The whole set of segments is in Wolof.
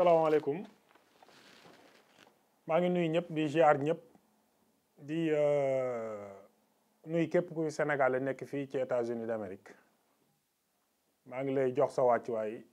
salaamaaleykum maa ngi nuyu ñëpp di ziar ñëpp di euh, nuyu képp kuy Sénégal nekk fii ci États-Unis d'Amérique maa ngi lay jox sa wàccuwaay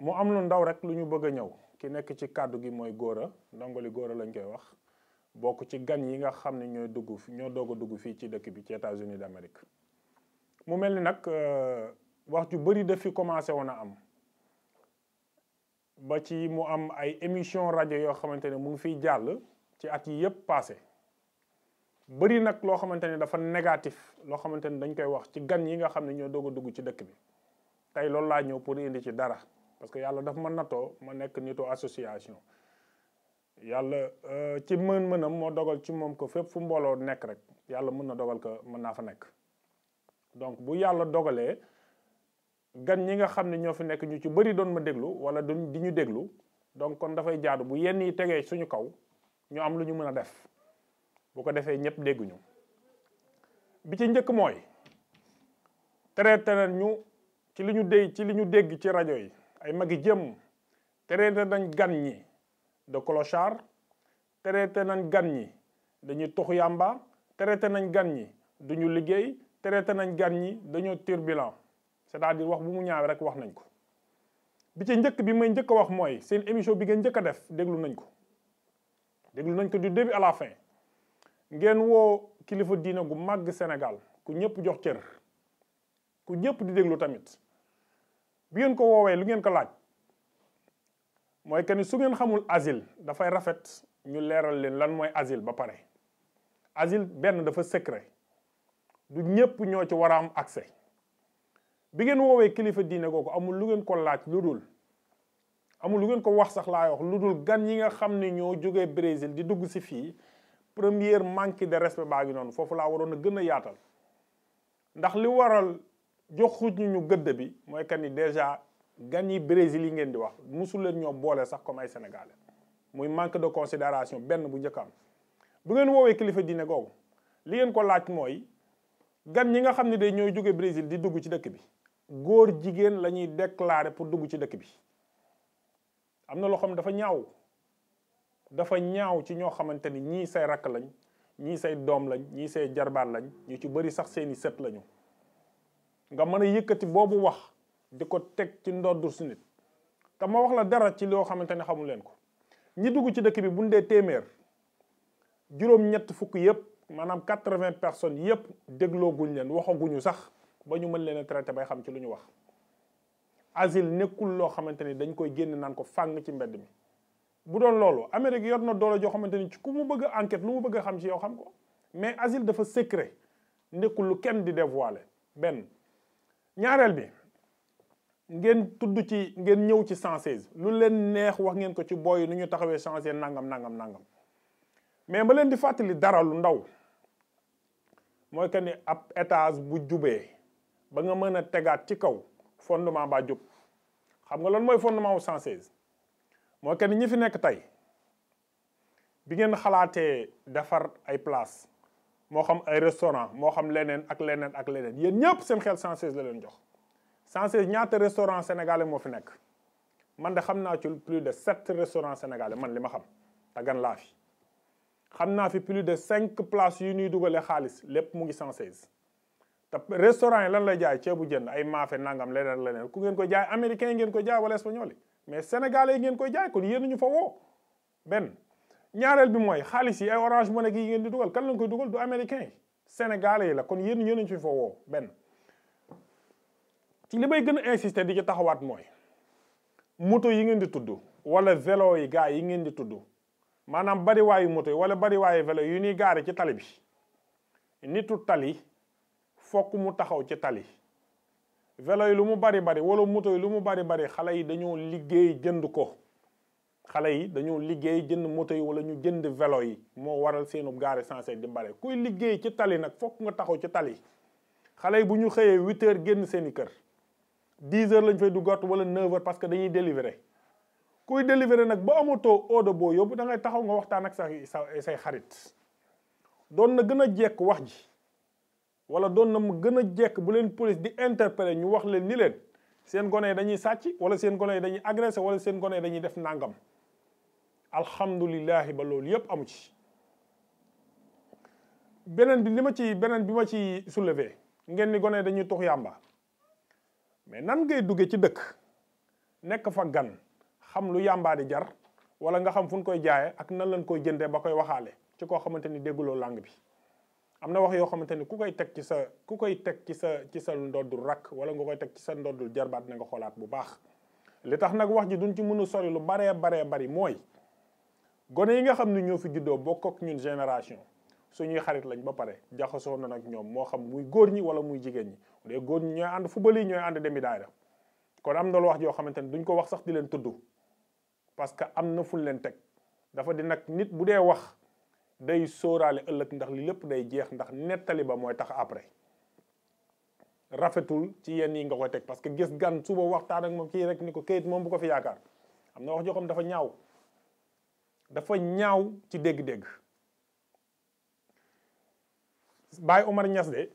mu am lu ndaw rek lu ñu bëgg a ñëw ki nekk ci kàddu gi mooy Gora Ndongo li góora lañ koy wax bokk ci gan yi nga xam ne ñooy dugg ñoo doog a dugg fii ci dëkk bi ci États-Unis d'Amérique mu mel ni nag euh, wax ju bëri daf fi commencé woon a am. ba ci mu am ay émission rajo yoo xamante ne mu ngi fiy jàll ci at yi yëpp passé bëri nag loo xamante ne dafa négatif loo xamante ne dañ koy wax ci gan yi nga xam ne ñoo doog a dugg ci dëkk bi tey loolu laa ñëw pour indi ci dara parce que yàlla daf ma natoo ma nekk nitu association yàlla euh, ci mën-mënam moo dogal ci moom ko fépp fu mbooloo nekk rek yàlla mën na dogal ko mën naa fa nekk donc bu yàlla dogalee gan ñi nga xam ne ñoo fi nekk ñu ci bëri doon ma déglu wala duñ di ñu déglu donc kon dafay jaadu bu yenn yi tegee suñu kaw ñu am lu ñu mën a def bu ko defee ñëpp dégguñu bi ci njëkk mooy traité nañ ñu ci li ñu dégg ci li ñu dégg ci rajo yi ay magi jëm traité nañ gan ñi de clochard traité nañ gan ñi dañuy toxu yàmba traité nañ gan ñi duñu liggéey traité nañ gan ñi dañoo turbulent c'est-à-dire wax bu mu ñaaw rek wax nañ ko bi ci njëkk bi may njëkk a wax mooy seen émission bi ngeen njëkk def déglu nañ ko déglu nañ ko du début à la fin ngeen woo kilifa diina gu màgg Sénégal ku ñëpp jox cër ku ñëpp di déglu tamit bi ngeen ko woowee lu ngeen ko laaj mooy que ni su ngeen xamul asile dafay rafet ñu leeral leen lan mooy asile ba pare asile benn dafa secret du ñëpp ñoo ci war a am accès bi ngeen woowee kilifa diine googu amul lu ngeen ko laaj lu dul amul lu ngeen ko wax sax laay wax lu dul gan yi nga xam ne ñoo jógee Brésil di dugg si fii première manque de respect baa ngi noonu foofu laa waroon a gën a yaatal ndax li waral joxuñ ñu gëdd bi mooy que ni déjà gan yi Brésil yi ngeen di wax musul leen ñoo boole sax comme ay sénégalais muy manque de considération benn bu njëkk am bu ngeen woowee kilifa diine googu li ngeen ko laaj mooy gan ñi nga xam ne day ñooy jóge Brésil di dugg ci dëkk bi góor jigéen lañuy ñuy pour dugg ci dëkk bi am na loo xam dafa ñaaw dafa ñaaw ci ñoo xamante ni ñii say rakk lañ ñii say doom lañ ñii say jarbaat lañ ñu ci bëri sax seeni sët lañu nga mën a yëkkati boobu wax di ko teg ci ndoddu su nit te ma wax la dara ci loo xamante ne xamul leen ko ñi dugg ci dëkk bi bu ñu dee téeméer juróom-ñett fukk yépp maanaam quatre vingt personnes yépp déglooguñ leen waxaguñu sax ba ñu mën leen traité bay xam ci lu ñu wax asile nekkul loo xamante ni dañ koy génn naan ko fàng ci mbedd mi bu doon loolu Amérique yor na doole joo xamante ni ci ku mu bëgg a enquête lu mu bëgg xam ci yow xam ko mais asile dafa secret nekkul lu kenn di dévoiler benn ñaareel bi ngeen tudd ci ngeen ñëw ci 116 lu leen neex wax ngeen ko ci booy nu ñu taxawee changé nangam nangam nangam mais ba leen di fàttali dara lu ndaw mooy que ni ab étage bu jubee ba nga mën a tegaat ci kaw fondement ba jub xam nga loolu mooy fondement wu san 116 moo kenn ñi fi nekk tey bi ngeen xalaatee defar ay place moo xam ay restaurant moo xam leneen ak leneen ak leneen yéen ñëpp seen xel 116 la leen jox 116 ñaata restaurant sénégalais moo fi nekk man de xam naa ci plus de sept restaurants sénégalais man li ma xam te gan laa fi xam naa fi plus de cinq place yu ñuy dugalee xaalis lépp mu ngi 116 te restaurant yi lan lay jaay ceebu jën ay maafe nangam leneen leneen ku ngeen koy jaay américain yi ngeen ko jaay wala espagnol mais sénégalais yi ngeen koy jaay kon yéen ñu fa woo benn ñaareel bi mooy xaalis yi ay orange money yi ngeen di dugal kan lañ koy dugal du américain yi sénégalais yi la kon yéen yéen ñu fa woo benn ci li may gën a insister di ci taxawaat mooy moto yi ngeen di tudd wala vélo yi gars yi ngeen di tudd maanaam bariwaayu moto yi wala bariwaayu vélo yu ñuy gaare ci tali bi nitu tali fokk mu taxaw ci tali vélo yi lu mu bari bari wala moto yi lu mu bari bari xale yi dañu liggéey jënd ko xale yi dañoo liggéey jënd moto yi wala ñu jënd velo yi moo waral seenub gaare sensé di bari kuy liggéey ci tali nag fokk nga taxaw ci tali xale yi bu ñu xëyee huit heures génn seeni kër dix heures lañ fay duggaat wala neuf heures parce que dañuy délivrer kuy délivrer nag ba amatoo odo boo yóbbu da taxaw nga waxtaan ak sa say xarit doon na gën a jekk wax ji wala doon na mu gëna a bu leen police di interpeller ñu wax leen ni leen seen gone yi dañuy sàcc wala seen gone yi dañuy agressé wala seen gone yi dañuy def nangam alhamdulilahi ba loolu yépp amu ci benen bi li ma ci benen bi ma ci soulever ngeen ni gone yi dañuy tux yamba mais nan ngay duggé ci dëkk nek fa gan xam lu yamba di jar wala nga xam fuñ koy jaaye ak nan lañ koy jëndé ba koy waxalé ci ko xamanteni ni langue bi am na wax yoo xamante ni ku koy teg ci sa ku koy teg ci sa ci sa ndoddu rakk wala nga koy teg ci sa ndoddu jarbaat na nga xoolaat bu baax li tax nag wax ji duñ ci mën a sori lu baree baree bari mooy gone yi nga xam ne ñoo fi juddoo bokk ñun génération suñuy xarit lañ ba pare jaxasoo na nag ñoom moo xam muy góor ñi wala muy jigéen ñi bu dee góor ñi ñooy ànd fubal yi ñooy ànd demi daayira kon am na lu wax yoo xamante ni duñ ko wax sax di leen tudd parce que am na fuñ leen teg dafa di nag nit bu dee wax day sóoraale ëllëg ndax li lépp day jeex ndax nettali ba mooy tax après rafetul ci yenn yi nga ko teg parce que gis gan suba waxtaan ak moom kii rek ni ko kayit moom bu ko fi yaakaar am na wax joxam dafa ñaaw dafa ñaaw ci dégg-dégg Baye Omar Niass de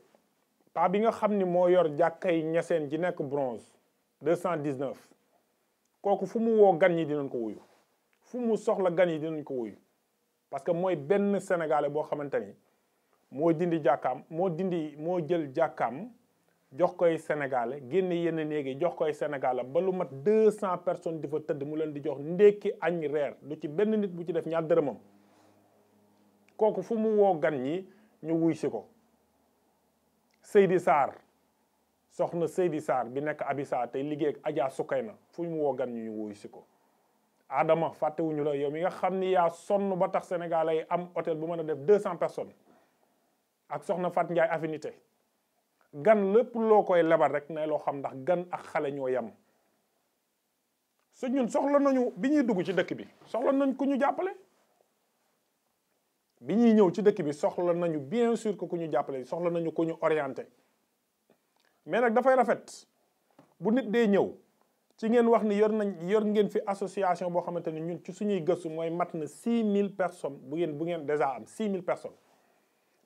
paa bi nga xam ni moo yor jàkkay ñaseen ji nekk bronze deux cent dix-neuf kooku fu mu woo gan yi dinañ ko wuyu fu mu soxla gan yi dinañ ko wuyu parce que mooy benn sénégalais boo xamante ni moo dindi jàkkaam moo dindi moo jël jàkkaam jox koy sénégalais génne yenn néeg yi jox koy sénégalais ba lu mat deux cent personne di fa tëdd mu leen di jox ndékki añ reer lu ci benn nit bu ci def ñaar dërëmam kooku fu mu woo gan ñi ñu wuy si ko Seydi Sarr soxna Seydi Sarr bi nekk Abissa tey liggéey ak Adja Soukayna fu mu woo gan ñi ñu wuy si ko Adama fàttewuñu la yow mi nga xam ni yaa sonn ba tax Sénégal ay am hôtel bu mën a def deux cent personnes ak soxna Fat Ndiaye affinité gan lépp loo koy lebal rek ne loo xam ndax gan ak xale ñoo yem su ñun soxla nañu bi ñuy dugg ci dëkk bi soxla nañ ku ñu jàppale bi ñuy ñëw ci dëkk bi soxla nañu bien sûr que ku ñu jàppale soxla nañu ku ñu orienté mais nag dafay rafet bu nit dee ñëw ci ngeen wax ni yor nañ yor ngeen fi association boo xamante ne ñun ci suñuy gëstu mooy mat na 6000 personnes bu ngeen bu ngeen déjà am 6000 personnes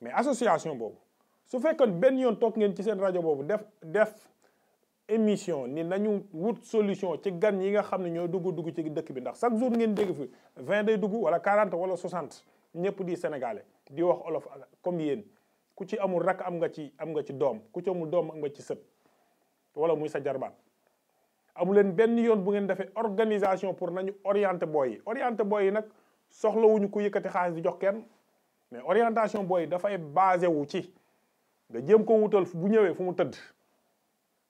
mais association boobu su fekkoon benn yoon toog ngeen ci seen rajo boobu def def émission ni nañu wut solution ci gan yi nga xam ne ñooy dugg dugg ci dëkk bi ndax chaque jour ngeen dégg fi vingt day dugg wala 40 wala 60 ñëpp di sénégalais di wax olof comme yéen ku ci amul rakk am nga ci am nga ci doom ku ci amul doom am nga ci sët wala muy sa jarbaat. amu leen benn yoon bu ngeen defee organisation pour nañu orienté booy yi orienté booy yi nag soxlawuñu ko yëkkati xaalis di jox kenn mais orientation booy yi dafay basé wu ci nga jéem ko wutal bu ñëwee fu mu tëdd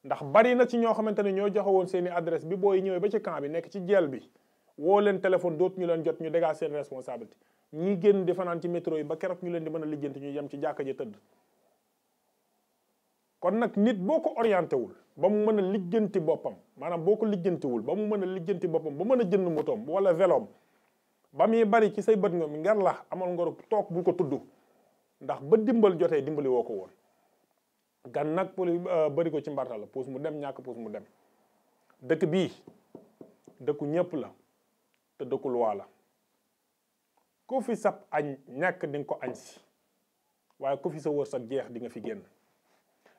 ndax bari na ci ñoo xamante ñoo joxe woon seen i bi booy ñëwee ba ci camp bi nekk ci jeel bi woo leen téléphone dootu ñu leen jot ñu dégager seen responsabilité ñi génn di fanaan ci métro yi ba keroog ñu leen di mën a lijjanti ñu yem ci jàkka ji tëdd kon nak nit boko orienté wul ba mu meuna lijeenti bopam manam boko lijeenti wul ba mu meuna lijeenti bopam boppam ba mën a wala ba mi bari ci say bët nga ngar la amal ngor tok bu ko tuddu ndax ba dimbal jotee dimbali woko won gan nak poli euh, bari ko ci mbartal la mu dem ñàkk puus mu dem dekk bi ñepp la te dëkku luwaa la ko fi sap agn ding ko agn ci waye ko fi sa wërsag jeex di nga fi genn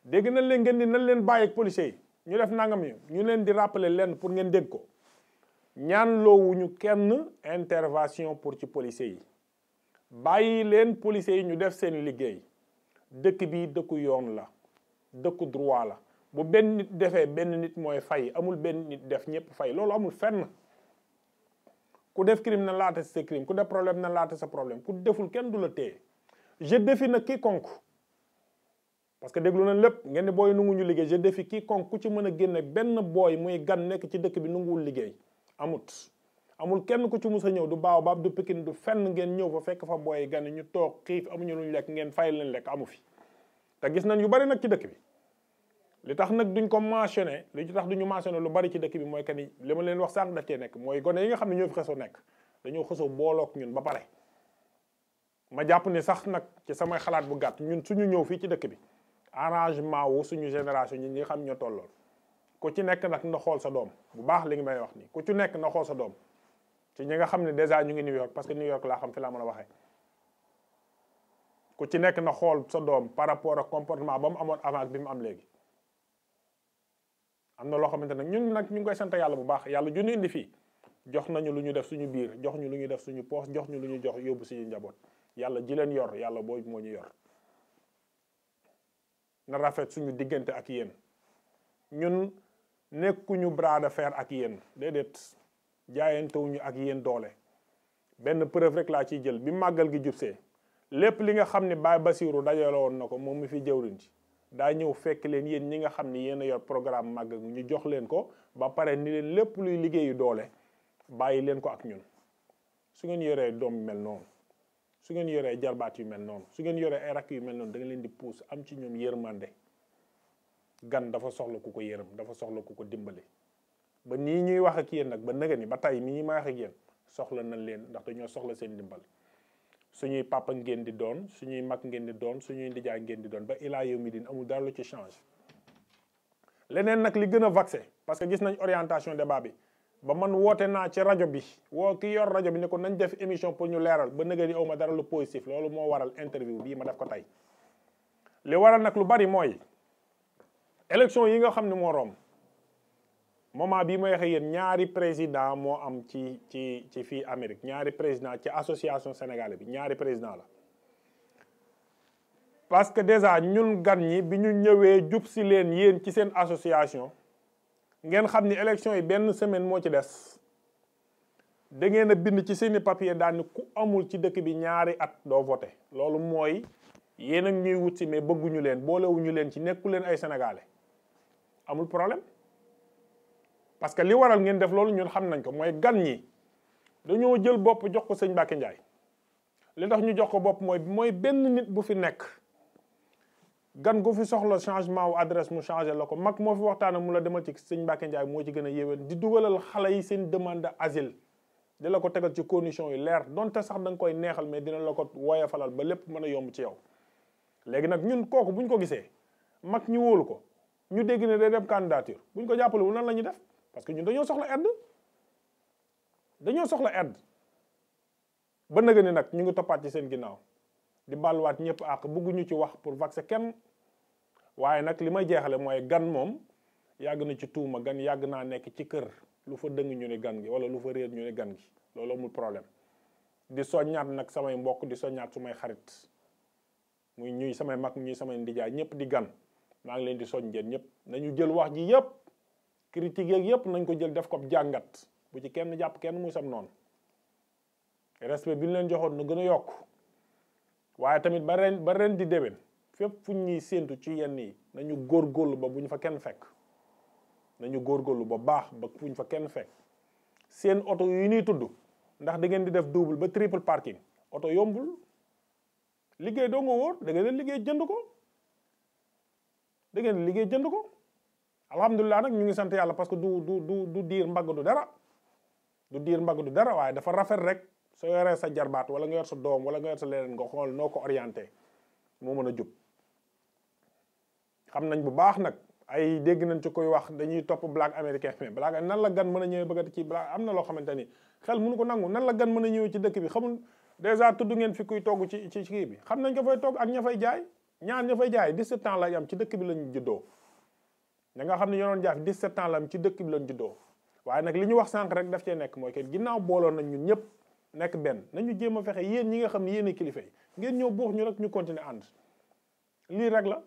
dégg nañ leen ngeen di nañ leen bàyyi ak policiers yi ñu def nangam yi ñu leen di rappeler leen pour ngeen dégg ko ñaan loowuñu kenn intervention pour ci policiers yi bàyyi leen policiers yi ñu def seeni liggéey dëkk bi dëkk yoon la dëkku droit la bu benn nit defee benn nit mooy fay amul benn nit def ñëpp fay loolu amul fenn ku def crime na laata sa crime ku def problème na laata sa problème ku deful kenn du la téye je défie na quiconque parce que déglu na lépp ngeen ne booy nungu ñu liggéey je défie quiconque ku ci mën a génne benn booy muy gan nekk ci dëkk bi nunguwul liggéey amut amul kenn ku ci mus a ñëw du baaw baab du pikin du fenn ngeen ñëw fa fekk fa booy gan ñu toog xiif amuñu ñu lekk ngeen fay leen lekk amu fi te gis nañ yu bari nag ci dëkk bi li tax nag duñ ko mentionné li tax duñu mentionné lu bari ci dëkk bi mooy que ni li ma leen wax sànq daf cee nekk mooy gone yi nga xam ne ñoo fi xësoo nekk dañoo xësoo boolook ñun ba pare ma jàpp ne sax nag ci samay xalaat bu gàtt ñun suñu ñëw fii ci dëkk bi arrangement wu suñu génération ñi nga xam ñoo tollool ku ci nekk nag na xool sa doom bu baax li ngi may wax nii ku ci nekk na xool sa doom ci ñi nga xam ne déjà ñu ngi New York parce que New York laa xam fi laa a waxee ku ci nekk na xool sa doom par rapport ak comportement ba mu amoon avant bi mu am léegi am na loo xamante ne ñun nag ñu ngi koy sant yàlla bu baax yàlla junni indi fii jox nañu lu ñu def suñu biir jox ñu lu ñu def suñu poos jox ñu lu ñu jox yóbbu suñu njaboot yàlla ji leen yor yàlla boobu moo ñu yor na rafet suñu diggante ak yéen ñun nekkuñu bras de fer ak yéen déedéet jaayantewuñu ak yéen doole benn preuve rek laa ciy jël bi màggal gi jubsee lépp li nga xam ne Baye Basirou dajale woon na ko moom mi fi jëwriñ ci daa ñëw fekk leen yéen ñi nga xam ni yéen a yor programme màgg gi ñu jox leen ko ba pare ni leen lépp luy liggéeyu doole bàyyi leen ko ak ñun su ngeen yoree doom mel noonu su ngeen yoree jarbaat yu mel noonu su ngeen yoree ay rakk yu mel noonu da leen di puus am ci ñoom yërmande gan dafa soxla ku ko yërëm dafa soxla ku ko dimbali ba nii ñuy wax ak yéen nag ba naga ni ba tey mi ñuy wax ak yéen soxla nañ leen ndax dañoo soxla seen dimbal suñuy papa ngeen di doon suñuy mag ngeen di doon suñuy ndijaay ngeen di doon ba ilaa yow mi din amul dara lu ci change leneen nag li gën a vaccé parce que gis nañ orientation débat bi ba man woote naa ci rajo bi woo ki yor rajo bi ne ko nañ def émission pour ñu leeral ba nëgë ni aw ma dara lu positif loolu moo waral interview bii ma def ko tey li waral nag lu bari mooy élection yi nga xam ne moo romb moment bii may waxee yéen ñaari président moo am ci ci ci fii Amérique ñaari président ci association sénégalaise bi ñaari président la parce que déjà ñun gan ñi bi ñu ñëwee jub si leen yéen ci seen association ngeen xam ni élection yi benn semaine moo ci des da ngeen a bind ci seeni papier daal ni ku amul ci dëkk bi ñaari at doo voté loolu mooy yéen ak ñuy wut si mais bëgguñu leen boolewuñu leen ci nekku leen ay sénégalais amul problème parce que li waral ngeen def loolu ñun xam nañ ko mooy gan ñi dañoo jël bopp jox ko sëñ Mbacke Ndiaye li tax ñu jox ko bopp mooy mooy benn nit bu fi nekk gan go fi soxlo changement wu adresse mu changer lako mak mo fi waxtana mu la dem ci seigne Mbacke ndjay mo ci gëna yewel di dugalal xale yi seen demande asile di lako tegal ci condition yu leer donte sax dang koy neexal mais dina lako ko falal ba lépp mëna a yomb ci yow léegi nak ñun koku buñ ko gisé mak ñi wóolu ko ñu dégg ne day dem candidature buñ ko jàppale wu nan lañu def parce que ñun dañu soxla aide dañu soxla aide ba naga ni nag ñu ngi topat ci seen ginnaw di balwaat ñëpp ak ñu ci wax pour vaccin kenn waaye nag li may jeexale mooy gan mom, yàgg na ci tuuma gan yàgg naa nekk ci kër lu fa dëng ñu ne gan gi wala lu fa réer ñu ne gan gi loolu amul problème di soññaat nag samay mbokk di soññaat sumay xarit muy ñuy samay mag ñuy samay ndijaay ñëpp di gan ma ngi leen di soñ ngeen ñëpp nañu jël wax ji yëpp critique yeeg yëpp nañ ko jël def ko jàngat bu ci kenn jàpp kenn muy sam non. respect bi ñu leen joxoon na gën a waye tamit ba ren ba ren di déwén fep fuñ ñi sentu ci yenn yi nañu gorlu ba buñ fa kenn fekk nañu gorlu ba baax ba buñ fa kenn fekk seen auto yu ñuy tuddu ndax da ngeen di def double ba triple parking Auto yombul liggéey do nga wóor da ngeen liggéey jënd ko da ngeen liggéey jënd ko alhamdulilah nak ñu ngi sant yalla parce que du du du du diir mbagg du dara du diir mbag du dara waye dafa rafet rek soo yoree sa jarbaat wala nga yor sa doom wala nga yor sa leneen nga xool noo ko orienté moo mën a jub xam nañ bu baax nag ay dégg nañ ci koy wax dañuy topp blague américain mais blague nan la gan mën a ñëwee bëggati ci blague am na loo xamante ni xel ko nangu nan la gan mën a ñëwee ci dëkk bi xamul dèjà tudd ngeen fi kuy togg ci ci bi xam nañ ko fay ak ña jaay ñaan ña fay jaay 17 ans lay am ci dëkk bi lañ juddoo da nga xam ne ñoo doon jaay 17 ans la am ci dëkk bi lañ juddoo waaye nag li ñu wax sànq rek daf cee nekk mooy que ginnaaw booloon nañ ñun ñëpp Nek ben, nañu jema fexé yeen ñi nga xamni yeen kilifa yi ngeen ñoo bokk ñu rek ñu continuer and li rek la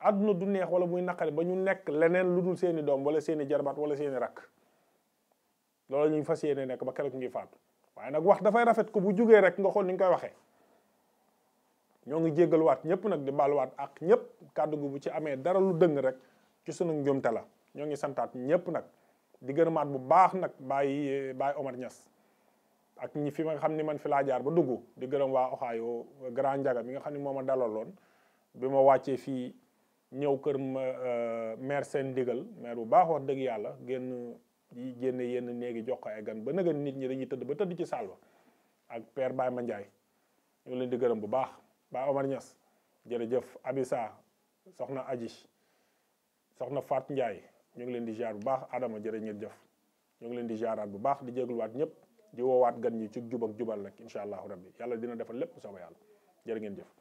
aduna du neex wala muy nakari ba ñu nek leneen lu dul seeni dom wala seeni jarbat wala seeni rak. loolu ñu fasiyene nek ba keroog ngi faatu waye nak wax fay rafet ko bu juggé rek nga xol ni nga koy waxé ñoo ngi waat ñepp nak di waat ak ñepp kaddu gu bu ci amé dara lu dëng rek ci sunu njuumte tala ñoo ngi santat ñepp nak di bu baax nak Baye Baye Omar Niass ak ñi fi ma xamni man fi la jaar ba duggu di gërëm wa Ohio grand jaga mi nga xamni moma ma dalaloon bi ma wàccee fii ñëw kër euh, maire sen digal maire bu baax wax deug yalla genn yi genn yenn neegi jox ko ay gan ba nëgan nit ñi dañuy tëdd ba tëdd ci salwa ba ak père Baye ndjay ñu leen di gërëm bu baax ba Omar Niass jërëjëf Abissa soxna Aji soxna Fat ndjay ñu ngi leen di jaar bu baax Adama jërë ngeen jëf ñu ngi leen di jaarat bu baax di wat ñëpp di woowaat gan ñi ci jub ak jubal rek incha allahu rabbi yàlla dina defal lépp soobee yàlla jërë ngeen jëf